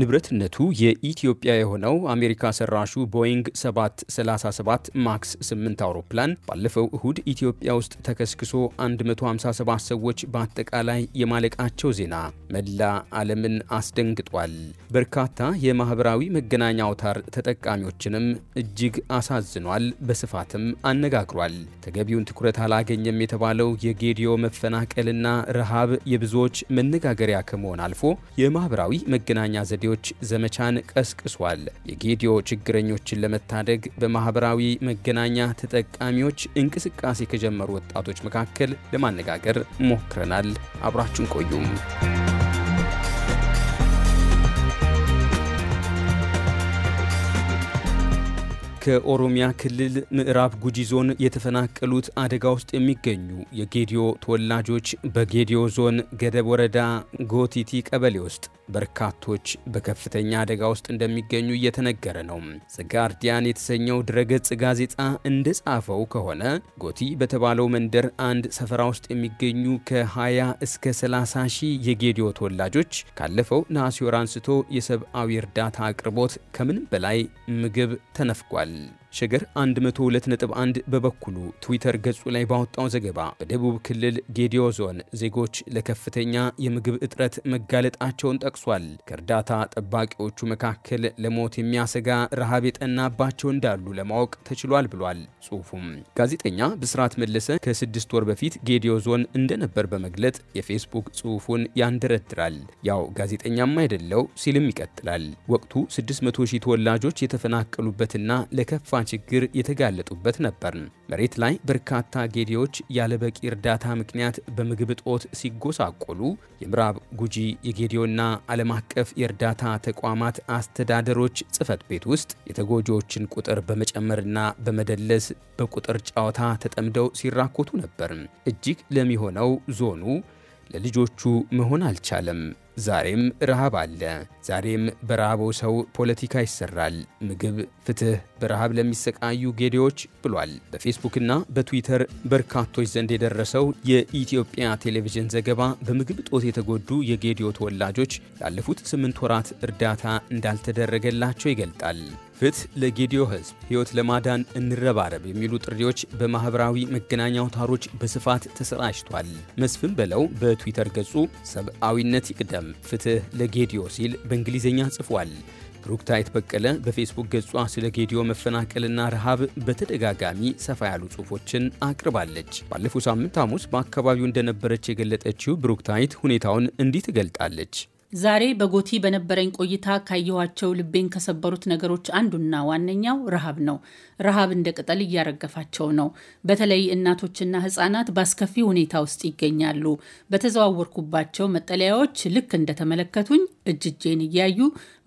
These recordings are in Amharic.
ንብረትነቱ የኢትዮጵያ የሆነው አሜሪካ ሰራሹ ቦይንግ 737 ማክስ 8 አውሮፕላን ባለፈው እሁድ ኢትዮጵያ ውስጥ ተከስክሶ 157 ሰዎች በአጠቃላይ የማለቃቸው ዜና መላ ዓለምን አስደንግጧል። በርካታ የማኅበራዊ መገናኛ አውታር ተጠቃሚዎችንም እጅግ አሳዝኗል፣ በስፋትም አነጋግሯል። ተገቢውን ትኩረት አላገኘም የተባለው የጌዲዮ መፈናቀልና ረሃብ የብዙዎች መነጋገሪያ ከመሆን አልፎ የማኅበራዊ መገናኛ ዘዴ አረንጓዴዎች ዘመቻን ቀስቅሷል። የጌዲዮ ችግረኞችን ለመታደግ በማህበራዊ መገናኛ ተጠቃሚዎች እንቅስቃሴ ከጀመሩ ወጣቶች መካከል ለማነጋገር ሞክረናል። አብራችን ቆዩም። ከኦሮሚያ ክልል ምዕራብ ጉጂ ዞን የተፈናቀሉት አደጋ ውስጥ የሚገኙ የጌዲዮ ተወላጆች በጌዲዮ ዞን ገደብ ወረዳ ጎቲቲ ቀበሌ ውስጥ በርካቶች በከፍተኛ አደጋ ውስጥ እንደሚገኙ እየተነገረ ነው። ዘጋርዲያን የተሰኘው ድረገጽ ጋዜጣ እንደጻፈው ከሆነ ጎቲ በተባለው መንደር አንድ ሰፈራ ውስጥ የሚገኙ ከ20 እስከ 30 ሺህ የጌዲዮ ተወላጆች ካለፈው ነሐሴ ወር አንስቶ የሰብአዊ እርዳታ አቅርቦት ከምን በላይ ምግብ ተነፍጓል። 이 그 ሸገር 102.1 በበኩሉ ትዊተር ገጹ ላይ ባወጣው ዘገባ በደቡብ ክልል ጌዲዮ ዞን ዜጎች ለከፍተኛ የምግብ እጥረት መጋለጣቸውን ጠቅሷል። ከእርዳታ ጠባቂዎቹ መካከል ለሞት የሚያሰጋ ረሃብ የጠናባቸው እንዳሉ ለማወቅ ተችሏል ብሏል። ጽሁፉም ጋዜጠኛ ብስራት መለሰ ከስድስት ወር በፊት ጌዲዮ ዞን እንደነበር በመግለጥ የፌስቡክ ጽሁፉን ያንደረድራል። ያው ጋዜጠኛም አይደለው ሲልም ይቀጥላል። ወቅቱ 600 ሺህ ተወላጆች የተፈናቀሉበትና ለከፋ ችግር የተጋለጡበት ነበር። መሬት ላይ በርካታ ጌዴዎች ያለበቂ እርዳታ ምክንያት በምግብ እጦት ሲጎሳቆሉ የምዕራብ ጉጂ የጌዲዮና ዓለም አቀፍ የእርዳታ ተቋማት አስተዳደሮች ጽህፈት ቤት ውስጥ የተጎጂዎችን ቁጥር በመጨመርና በመደለስ በቁጥር ጨዋታ ተጠምደው ሲራኮቱ ነበር። እጅግ ለሚሆነው ዞኑ ለልጆቹ መሆን አልቻለም። ዛሬም ረሃብ አለ። ዛሬም በረሃበው ሰው ፖለቲካ ይሰራል። ምግብ፣ ፍትህ በረሃብ ለሚሰቃዩ ጌዴዎች ብሏል። በፌስቡክና በትዊተር በርካቶች ዘንድ የደረሰው የኢትዮጵያ ቴሌቪዥን ዘገባ በምግብ ጦት የተጎዱ የጌዲዮ ተወላጆች ላለፉት ስምንት ወራት እርዳታ እንዳልተደረገላቸው ይገልጣል። ፍትህ ለጌዲዮ ህዝብ፣ ሕይወት ለማዳን እንረባረብ የሚሉ ጥሪዎች በማኅበራዊ መገናኛ አውታሮች በስፋት ተሰራጭቷል። መስፍን በለው በትዊተር ገጹ ሰብአዊነት ይቅደም አልቀረም። ፍትህ ለጌዲዮ ሲል በእንግሊዝኛ ጽፏል። ብሩክታይት በቀለ በፌስቡክ ገጿ ስለ ጌዲዮ መፈናቀልና ረሃብ በተደጋጋሚ ሰፋ ያሉ ጽሑፎችን አቅርባለች። ባለፈው ሳምንት ሐሙስ በአካባቢው እንደነበረች የገለጠችው ብሩክታይት ሁኔታውን እንዲህ ትገልጣለች። ዛሬ በጎቲ በነበረኝ ቆይታ ካየኋቸው ልቤን ከሰበሩት ነገሮች አንዱና ዋነኛው ረሃብ ነው። ረሃብ እንደ ቅጠል እያረገፋቸው ነው። በተለይ እናቶችና ሕጻናት በአስከፊ ሁኔታ ውስጥ ይገኛሉ። በተዘዋወርኩባቸው መጠለያዎች ልክ እንደተመለከቱኝ እጅጄን እያዩ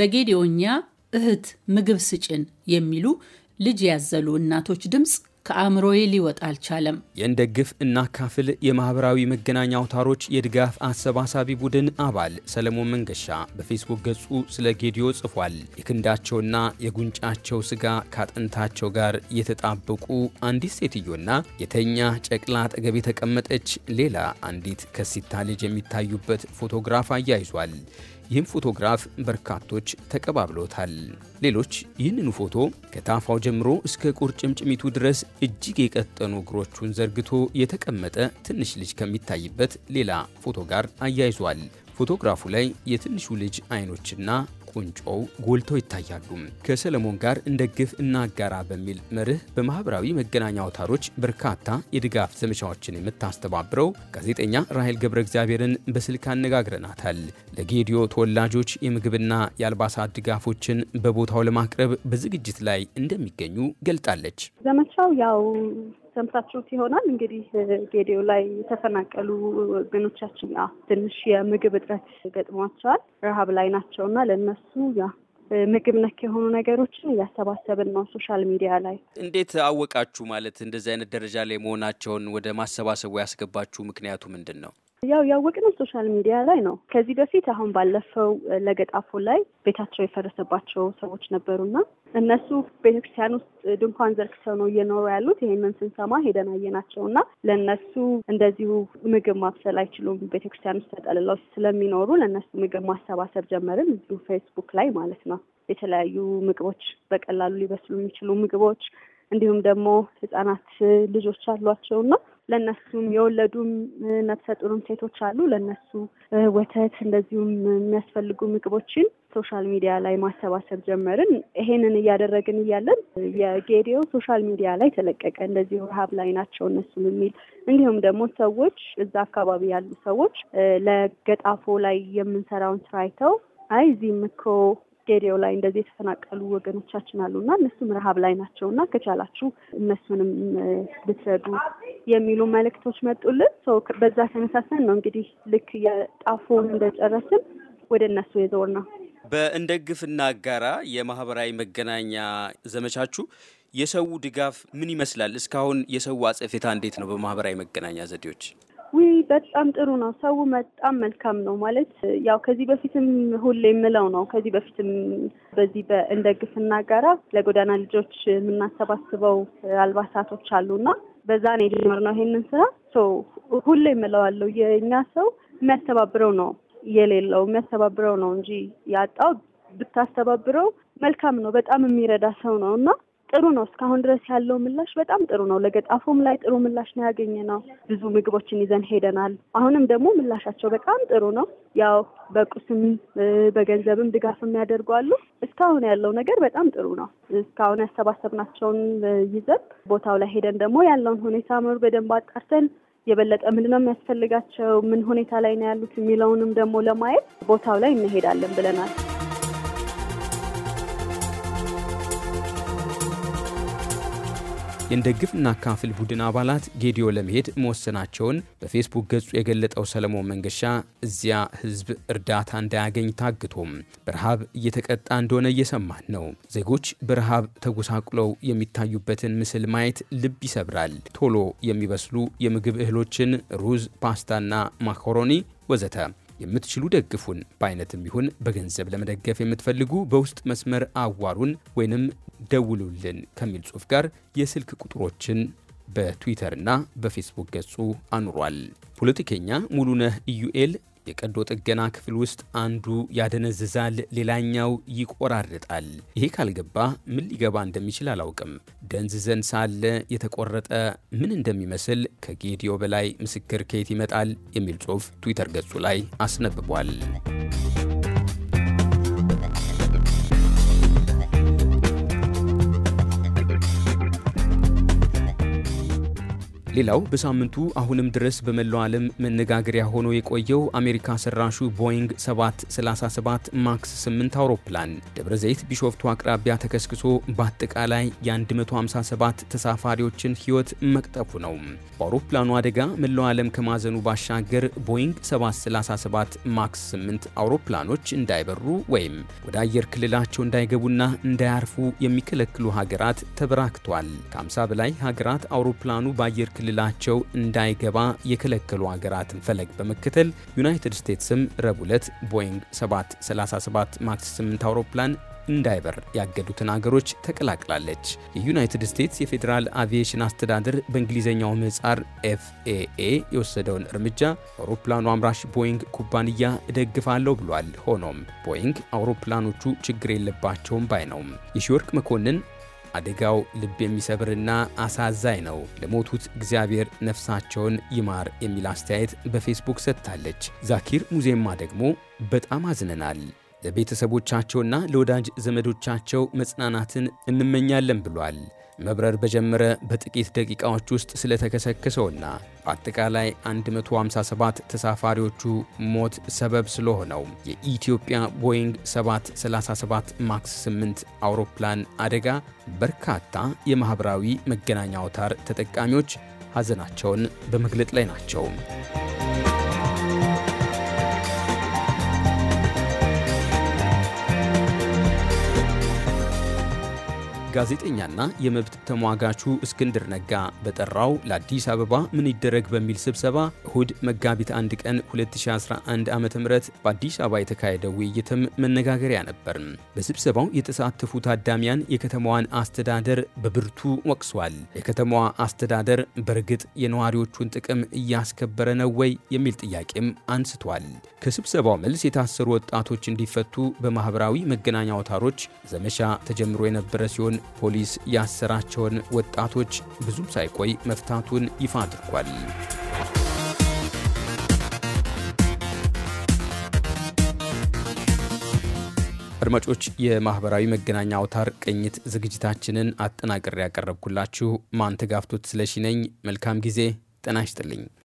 በጌዲዮኛ እህት ምግብ ስጭን የሚሉ ልጅ ያዘሉ እናቶች ድምፅ ከአእምሮዬ ሊወጣ አልቻለም። የእንደግፍ እናካፍል የማኅበራዊ መገናኛ አውታሮች የድጋፍ አሰባሳቢ ቡድን አባል ሰለሞን መንገሻ በፌስቡክ ገጹ ስለ ጌዲዮ ጽፏል። የክንዳቸውና የጉንጫቸው ስጋ ከአጥንታቸው ጋር የተጣበቁ አንዲት ሴትዮና የተኛ ጨቅላ አጠገብ የተቀመጠች ሌላ አንዲት ከሲታ ልጅ የሚታዩበት ፎቶግራፍ አያይዟል። ይህም ፎቶግራፍ በርካቶች ተቀባብሎታል። ሌሎች ይህንኑ ፎቶ ከታፋው ጀምሮ እስከ ቁርጭምጭሚቱ ድረስ እጅግ የቀጠኑ እግሮቹን ዘርግቶ የተቀመጠ ትንሽ ልጅ ከሚታይበት ሌላ ፎቶ ጋር አያይዟል። ፎቶግራፉ ላይ የትንሹ ልጅ አይኖችና ቁንጮው ጎልተው ይታያሉ። ከሰለሞን ጋር እንደግፍ እናጋራ በሚል መርህ በማህበራዊ መገናኛ አውታሮች በርካታ የድጋፍ ዘመቻዎችን የምታስተባብረው ጋዜጠኛ ራሄል ገብረ እግዚአብሔርን በስልክ አነጋግረናታል። ለጌዲዮ ተወላጆች የምግብና የአልባሳት ድጋፎችን በቦታው ለማቅረብ በዝግጅት ላይ እንደሚገኙ ገልጣለች። ዘመቻው ያው ሰምታችሁት ይሆናል እንግዲህ ጌዲዮ ላይ የተፈናቀሉ ወገኖቻችን ትንሽ የምግብ እጥረት ገጥሟቸዋል። ረሀብ ላይ ናቸው እና ለእነሱ ያ ምግብ ነክ የሆኑ ነገሮችን እያሰባሰብን ነው። ሶሻል ሚዲያ ላይ እንዴት አወቃችሁ? ማለት እንደዚህ አይነት ደረጃ ላይ መሆናቸውን ወደ ማሰባሰቡ ያስገባችሁ ምክንያቱ ምንድን ነው? ያው ያወቅነው ሶሻል ሚዲያ ላይ ነው። ከዚህ በፊት አሁን ባለፈው ለገጣፎ ላይ ቤታቸው የፈረሰባቸው ሰዎች ነበሩና እነሱ ቤተክርስቲያን ውስጥ ድንኳን ዘርግተው ነው እየኖሩ ያሉት። ይሄንን ስንሰማ ሄደን አየናቸው እና ለእነሱ እንደዚሁ ምግብ ማብሰል አይችሉም። ቤተክርስቲያን ውስጥ ተጠልለው ስለሚኖሩ ለእነሱ ምግብ ማሰባሰብ ጀመርን፣ እዚሁ ፌስቡክ ላይ ማለት ነው። የተለያዩ ምግቦች፣ በቀላሉ ሊበስሉ የሚችሉ ምግቦች እንዲሁም ደግሞ ህጻናት ልጆች አሏቸውና ለእነሱም የወለዱም ነፍሰ ሴቶች አሉ። ለእነሱ ወተት እንደዚሁም የሚያስፈልጉ ምግቦችን ሶሻል ሚዲያ ላይ ማሰባሰብ ጀመርን። ይሄንን እያደረግን እያለን የጌዲዮ ሶሻል ሚዲያ ላይ ተለቀቀ። እንደዚሁ ረሀብ ላይ ናቸው እነሱም የሚል እንዲሁም ደግሞ ሰዎች እዛ አካባቢ ያሉ ሰዎች ለገጣፎ ላይ የምንሰራውን ስራ አይተው አይ እዚህም እኮ ጌዲዮ ላይ እንደዚህ የተፈናቀሉ ወገኖቻችን እና እነሱም ረሀብ ላይ ናቸው እና ከቻላችሁ እነሱንም ብትረዱ የሚሉ መልእክቶች መጡልን። ሰው በዛ ተነሳሰን ነው እንግዲህ ልክ የጣፎን እንደጨረስን ወደ እነሱ የዞር ነው። በእንደግፍና አጋራ የማህበራዊ መገናኛ ዘመቻችሁ የሰው ድጋፍ ምን ይመስላል? እስካሁን የሰው አጸፌታ እንዴት ነው? በማህበራዊ መገናኛ ዘዴዎች በጣም ጥሩ ነው። ሰው በጣም መልካም ነው ማለት ያው ከዚህ በፊትም ሁሌ የምለው ነው። ከዚህ በፊትም በዚህ በእንደግፍ ጋራ ለጎዳና ልጆች የምናሰባስበው አልባሳቶች አሉና በዛ ነው የጀመርነው ይሄንን ስራ። ሁሌ የምለዋለው የእኛ ሰው የሚያስተባብረው ነው የሌለው የሚያስተባብረው ነው እንጂ ያጣው ብታስተባብረው መልካም ነው። በጣም የሚረዳ ሰው ነው እና ጥሩ ነው። እስካሁን ድረስ ያለው ምላሽ በጣም ጥሩ ነው። ለገጣፎም ላይ ጥሩ ምላሽ ነው ያገኘ ነው። ብዙ ምግቦችን ይዘን ሄደናል። አሁንም ደግሞ ምላሻቸው በጣም ጥሩ ነው። ያው በቁስም በገንዘብም ድጋፍ የሚያደርጓሉ። እስካሁን ያለው ነገር በጣም ጥሩ ነው። እስካሁን ያሰባሰብናቸውን ይዘን ቦታው ላይ ሄደን ደግሞ ያለውን ሁኔታ መሩ በደንብ አጣርተን የበለጠ ምንድነው የሚያስፈልጋቸው ምን ሁኔታ ላይ ነው ያሉት የሚለውንም ደግሞ ለማየት ቦታው ላይ እንሄዳለን ብለናል። የእንደግፍና ካፍል ቡድን አባላት ጌዲዮ ለመሄድ መወሰናቸውን በፌስቡክ ገጹ የገለጠው ሰለሞን መንገሻ እዚያ ህዝብ እርዳታ እንዳያገኝ ታግቶም በረሃብ እየተቀጣ እንደሆነ እየሰማን ነው። ዜጎች በረሃብ ተጎሳቁለው የሚታዩበትን ምስል ማየት ልብ ይሰብራል። ቶሎ የሚበስሉ የምግብ እህሎችን ሩዝ፣ ፓስታና ማካሮኒ ወዘተ የምትችሉ ደግፉን። በአይነትም ይሁን በገንዘብ ለመደገፍ የምትፈልጉ በውስጥ መስመር አዋሩን ወይንም ደውሉልን ከሚል ጽሑፍ ጋር የስልክ ቁጥሮችን በትዊተርና በፌስቡክ ገጹ አኑሯል። ፖለቲከኛ ሙሉነህ ኢዩኤል የቀዶ ጥገና ክፍል ውስጥ አንዱ ያደነዝዛል፣ ሌላኛው ይቆራርጣል። ይሄ ካልገባ ምን ሊገባ እንደሚችል አላውቅም። ደንዝዘን ሳለ የተቆረጠ ምን እንደሚመስል ከጌዲዮ በላይ ምስክር ከየት ይመጣል የሚል ጽሑፍ ትዊተር ገጹ ላይ አስነብቧል። ሌላው በሳምንቱ አሁንም ድረስ በመላው ዓለም መነጋገሪያ ሆኖ የቆየው አሜሪካ ሰራሹ ቦይንግ 737 ማክስ 8 አውሮፕላን ደብረ ዘይት ቢሾፍቱ አቅራቢያ ተከስክሶ በአጠቃላይ የ157 ተሳፋሪዎችን ሕይወት መቅጠፉ ነው። በአውሮፕላኑ አደጋ መላው ዓለም ከማዘኑ ባሻገር ቦይንግ 737 ማክስ 8 አውሮፕላኖች እንዳይበሩ ወይም ወደ አየር ክልላቸው እንዳይገቡና እንዳያርፉ የሚከለክሉ ሀገራት ተበራክቷል። ከ50 በላይ ሀገራት አውሮፕላኑ በአየር ክልላቸው እንዳይገባ የከለከሉ ሀገራትን ፈለግ በመከተል ዩናይትድ ስቴትስም ረቡዕ ዕለት ቦይንግ 737 ማክስ 8 አውሮፕላን እንዳይበር ያገዱትን አገሮች ተቀላቅላለች። የዩናይትድ ስቴትስ የፌዴራል አቪዬሽን አስተዳደር በእንግሊዝኛው ምህጻር ኤፍኤኤ የወሰደውን እርምጃ አውሮፕላኑ አምራች ቦይንግ ኩባንያ እደግፋለሁ ብሏል። ሆኖም ቦይንግ አውሮፕላኖቹ ችግር የለባቸውም ባይ ነውም። የሺወርቅ መኮንን አደጋው ልብ የሚሰብርና አሳዛኝ ነው። ለሞቱት እግዚአብሔር ነፍሳቸውን ይማር የሚል አስተያየት በፌስቡክ ሰጥታለች። ዛኪር ሙዜማ ደግሞ በጣም አዝነናል ለቤተሰቦቻቸውና ለወዳጅ ዘመዶቻቸው መጽናናትን እንመኛለን ብሏል። መብረር በጀመረ በጥቂት ደቂቃዎች ውስጥ ስለተከሰከሰውና በአጠቃላይ 157 ተሳፋሪዎቹ ሞት ሰበብ ስለሆነው የኢትዮጵያ ቦይንግ 737 ማክስ 8 አውሮፕላን አደጋ በርካታ የማኅበራዊ መገናኛ አውታር ተጠቃሚዎች ሐዘናቸውን በመግለጥ ላይ ናቸው። ጋዜጠኛና የመብት ተሟጋቹ እስክንድር ነጋ በጠራው ለአዲስ አበባ ምን ይደረግ በሚል ስብሰባ እሁድ መጋቢት አንድ ቀን 2011 ዓ ም በአዲስ አበባ የተካሄደው ውይይትም መነጋገሪያ ነበር። በስብሰባው የተሳተፉ ታዳሚያን የከተማዋን አስተዳደር በብርቱ ወቅሷል። የከተማዋ አስተዳደር በእርግጥ የነዋሪዎቹን ጥቅም እያስከበረ ነው ወይ የሚል ጥያቄም አንስቷል። ከስብሰባው መልስ የታሰሩ ወጣቶች እንዲፈቱ በማህበራዊ መገናኛ አውታሮች ዘመቻ ተጀምሮ የነበረ ሲሆን ፖሊስ ያሰራቸውን ወጣቶች ብዙም ሳይቆይ መፍታቱን ይፋ አድርጓል። አድማጮች፣ የማህበራዊ መገናኛ አውታር ቅኝት ዝግጅታችንን አጠናቅሬ ያቀረብኩላችሁ ማንተጋፍቶት ስለሺ ነኝ። መልካም ጊዜ። ጤና ይስጥልኝ።